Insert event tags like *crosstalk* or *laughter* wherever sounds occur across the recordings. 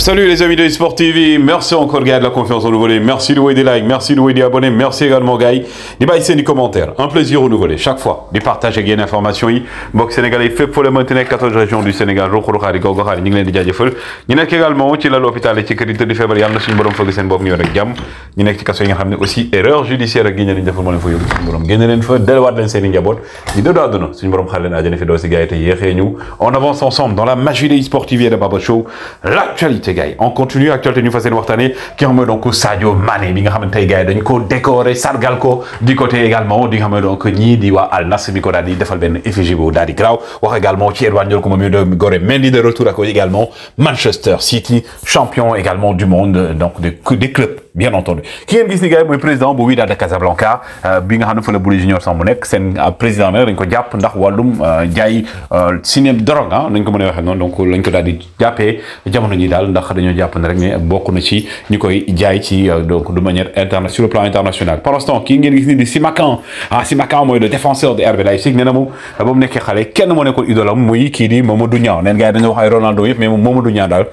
Salut les amis de Sport TV, merci encore gars de la confiance renouvelée, merci de vous des likes, merci de vous des abonnés, merci également guy. des bails des commentaires, un plaisir renouvelé chaque fois di partages et yenn information yi mbokk Sénégal est fait pour la mënti 14 régions du Sénégal ruqu ruqaari gaw gaxaari ñu ngi di jaajëfal ñu nekk également ci lal hôpital yi ci kër yi tëdd feebar yàlla na suñu borom fëgg seen bopp ñëw rek jàmm ñu nekk ci kaso nga xam aussi erreur judiciaire ak génne leen defal moo leen fa yóbbu suñu borom génne leen fa delluwaat leen seen i njaboot ñu dëddu àdduna suñu borom xaar leen àjjana fi doo si gars yi on avance ensemble dans la magie de Sport TV et de Baba l'actualité on continue actualité ñu fas yéene ki donc Sadio Mané bi nga on dañ ko décorer du côté également di donc ni di wa Al Nassr bi ko defal effigie également de Mendy de retour ak également Manchester City champion également du monde donc des clubs bien entendu ki ngeen gis ni gay yi président bu de Casablanca euh, bi nga xam ne fa la Bouly Junior Samb nekk seen euh, président nag dañ ko japp ndax walum euh, jaay ciné drogue ah, nañ ko mën a waxee donc lañ ko daldi jappé jamono ji dal ndax dañu japp ne rek ne bokku na ci ñi koy jaay ci donc de manière internationale sur le plan international par instant ki ngeen gis ni di Simakan ah Simakan mooy le défenseur de RB Leipzig nee mo moom ba mu nekkee xale kenn mo nekkoon idolam muy ki di Mamadou Niang neen gars dañu wax ay Ronaldo yëpp mais Mamadou Niang dal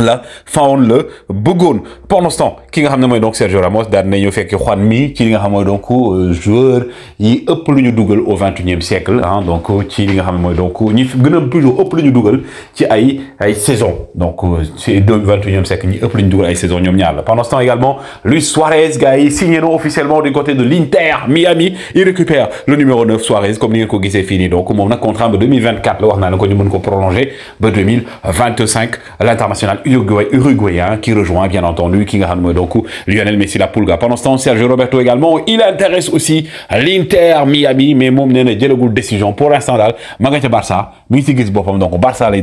la faune le bougon pendant ce temps ki nga xam donc Sergio Ramos daan nañu fekk Juan mi ci li nga xam donc euh, joueur yi ëpp luñu duggal au 21e siècle hein, donc ci li nga xam ne donc ñi gëna plus toujours ëpp luñu duggal ci ay ay saison donc euh, ci 21e siècle ñi ëpp luñu Google ay saison ñom ñaar la pendant ce temps également Luis Suarez gars signé non officiellement du côté de l'Inter Miami il récupère le numéro 9 Suarez comme ni ko fini donc on a contrat de 2024 la wax naa ko ñu ko prolonger ba 2025 l'international uruguayen qui rejoint bien entendu Kingahan donc, Lionel Messi la Pulga. Pendant ce temps, Sergio Roberto également, il intéresse aussi l'Inter Miami, mais mon nene de décision pour l'instant dal, Magate Barça, Missy Gisbopam donc Barça les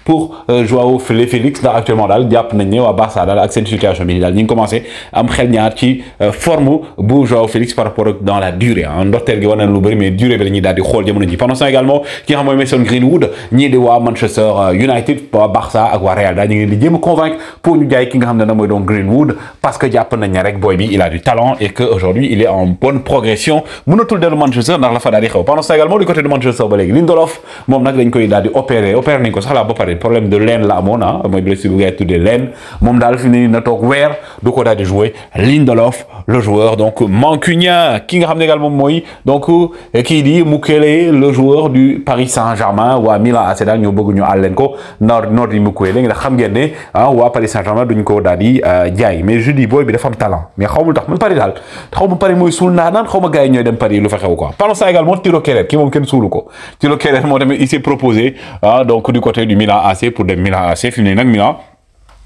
pour euh, Joao Félix ndax actuellement daal jàpp nañ ne waa Barça daal ak seen situation bi nii daal ñu ngi commencé à me ñaar ci euh, forme bu Joao Félix par rapport dans la durée En hein. ndorteel gi war na lu bëri mais durée bi la ñuy daal di xool jamono ji pendant ce temps également qui nga xam mooy Greenwood ni de voir Manchester euh, United pour Barça ak waa Real daal ñu ngi leen convaincre pour nous dire qu'il nga xam ne na Greenwood parce que jàpp nañ ne rek boy bi il a du talent et que aujourd'hui il est en bonne progression Mon mënatul de Manchester dans la fin daal di xew pendant ce également du côté de Manchester ba léegi Lindelof moom nag dañ koy daal di opéré opéré nañ ko sax la ba pare problème de laine la amoon ah blessé blessure bu tout de laine moom fini notre ouvert na tok wer du ko jouer Lindelof le joueur donc mancunien qui ramène également moi donc euh, qui dit Mukiele le joueur du Paris Saint-Germain ou à Milan à daal ñu bëgg ñu àll ko nord nord yi Mukiele nga xam ngeen né ah hein, Paris Saint-Germain duñ ko dal di euh, jaay mais je dis boy bi dafa am talent mais xaw tax man Paris dal xaw ma Paris moy sul na nan xaw ma ñoy dem Paris lu fa xew quoi parlons ça également Tilo Kerer ki mom ken sulu ko Tilo Kerer mo dem il s'est proposé hein, donc du côté du Milan assez pour des Milan AC I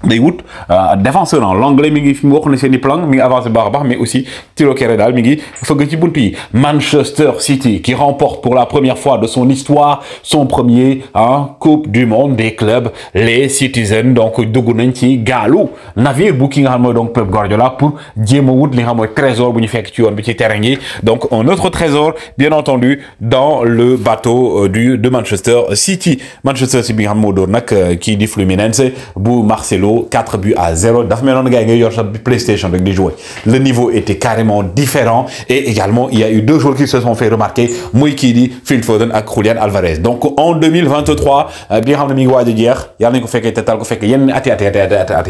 day wut euh, défenseur en hein. l'anglais mi ngi fi wax na seni plan mi avancer avancé baax mais aussi tiro kere daal mi ngi fëgg ci bunt Manchester City qui remporte pour la première fois de son histoire son premier hein coupe du monde des clubs les Citizens donc dougu nañ ci gaalu navire booking ki donc Pep Guardiola pour djema a li xam trésor buñu ñu fekk ci yone bi ci terrain yi donc un autre trésor bien entendu dans le bateau euh, du de Manchester City Manchester City bi nga xam moo doon euh, di Fluminense bu Marcelo 4 buts à 0. PlayStation avec des Le niveau était carrément différent et également il y a eu deux joueurs qui se sont fait remarquer, Mouikidi, Phil Foden et Julian Alvarez. Donc en 2023, euh, bien xam de a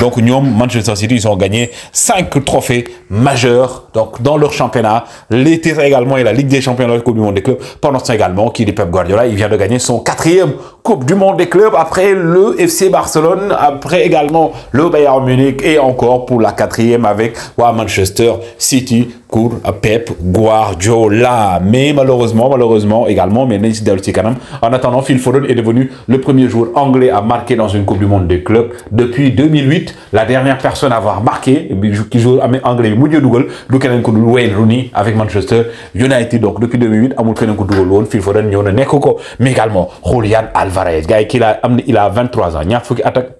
donc nous Manchester City ils ont gagné cinq trophées majeurs donc dans leur championnat l'été également et la Ligue des Champions de la Coupe du Monde des clubs pendant ce temps également qui Pep Guardiola il vient de gagner son quatrième du Monde des clubs, après le FC Barcelone, après également le Bayern Munich et encore pour la quatrième avec Manchester City. Cours Pep Guardiola. Mais malheureusement, malheureusement également, mais en attendant, Phil Foden est devenu le premier joueur anglais à marquer dans une Coupe du Monde des clubs. Depuis 2008, la dernière personne à avoir marqué, qui joue ah, anglais, Moudio Dougal, Wayne Rooney avec Manchester United. Donc depuis 2008, Amoul Kanen Phil Foden, Nyon Nekoko, mais également Julian Alvarez, gars, il a, il a 23 ans, il a attaque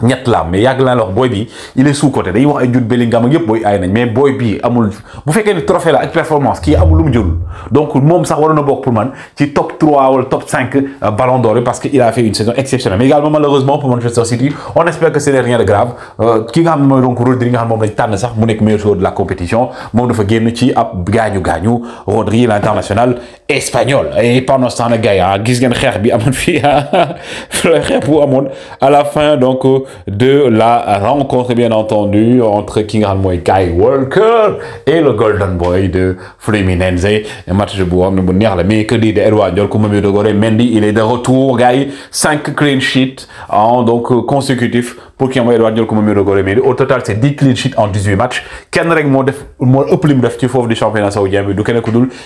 ñett la mais yàgg naa la wax boy bi il est sous côté Il wax ay jout Bellingham ak yëpp booy nañ mais boy bi amul bu fekkee ni trophée la ak performance kii amul lu mu donc moom sax waroon na bokk pour man ci top 3 wala top 5 euh, ballon d'or parce que il a fait une saison exceptionnelle mais également malheureusement pour Manchester City on espère que ce n'est rien de grave euh, ki nga xam donc Rodri nga xam moom lañ tànn sax mu nekk meilleur joueur de la compétition moom dafa génn ci ab gaañu-gaañu Rodri l'international espagnol et pendant ce temps nag gars yi ah, gis ngeen xeex bi amoon fii ah, *laughs* xeex bu amoon à la fin donc euh, de la rencontre, bien entendu, entre King et Kai Walker et le Golden Boy de Fluminense. Un match de Bouham, le le mercredi de Edouard de Mendy, il est de retour, Guy, 5 clean sheets, en donc consécutifs pour au total c'est 10 clean sheets en 18 matchs Kenreg rek moo def mo ëpp lim def ci foofu di championnat saoudien bi du kenn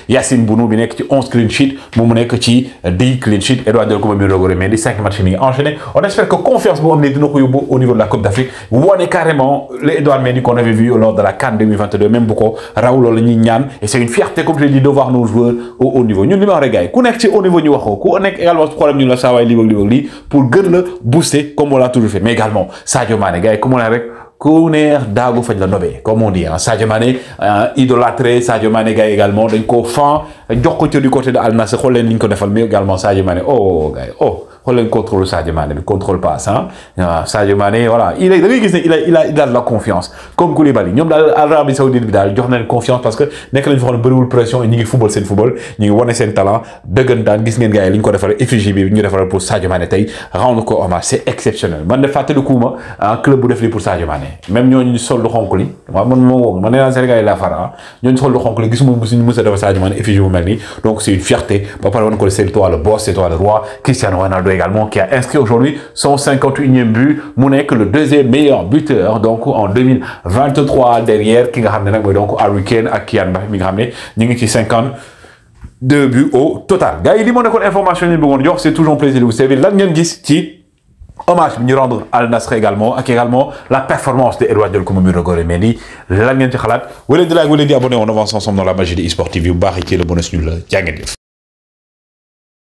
Yassine Bounou bi nek ci clean sheets mo mu nekk ci clean sheets Edward jël ko mu matchs Enchaînés, enchaîné on espère que confiance boo am dina au niveau de la Coupe d'Afrique On est carrément les Edouard Mendy qu'on avait vu lors de la CAN 2022 même beaucoup Raoul raw et c'est une fierté comme je l'ai dit de voir nos joueurs au haut niveau ñun li ma gars ku nek ci haut niveau ñu waxo ku nek également problème ñu la saway li pour gën booster comme on l'a toujours fait mais également Sadio Mané gars yi ku mu ne rek ku neex daagu faj la nobee comme on dit ah Sadio Mané euh, idolâtré Sadio Mané gars yi également dañ koo fan jox ko ca du côté de Al Nassr leen li ñu ko defal mais également Sadio Mané oh gars oh. wala ñu contrôle Sadio Mané bi contrôle passe hein. ah Sadio Mané voilà il il a il a il a de la confiance comme Koulibaly ñoom daal Arabie Saoudite bi daal jox na confiance parce que nekk nañu fa xam ne pression ñi ngi football c'est le football ñi ngi wane seen talent dëggantaan gis ngeen gars yi li ñu ko defaral effigie bi ñu defaral pour Sadio Mané tey rendre ko hommage c'est exceptionnel man de fàttaliku un ah, club bu def lii pour Sadio Mané même ñooñu sol lu xonk li waaw man moo woo man nee naa Sénégal yi laa fara ah. ñooñu sol lu xonk li gisuma musuñu mës a defar Sadio Mané effigie bu mel donc c'est une fierté Papa, wan ko c'est toi le boss c'est toi le roi Cristiano Ronaldo également qui a inscrit aujourd'hui son 51e but mu le deuxième meilleur buteur donc en 2023 derrière qui donc Harry Kane ak Kylian a mi buts au total gars il li information c'est toujours un plaisir de vous servir je vous hommage nous vous rendre Al Nassr également à également la performance de Edouard Diol comme Miro je vous voulez vous vous on avance ensemble dans la magie des e TV bu le bonus nul.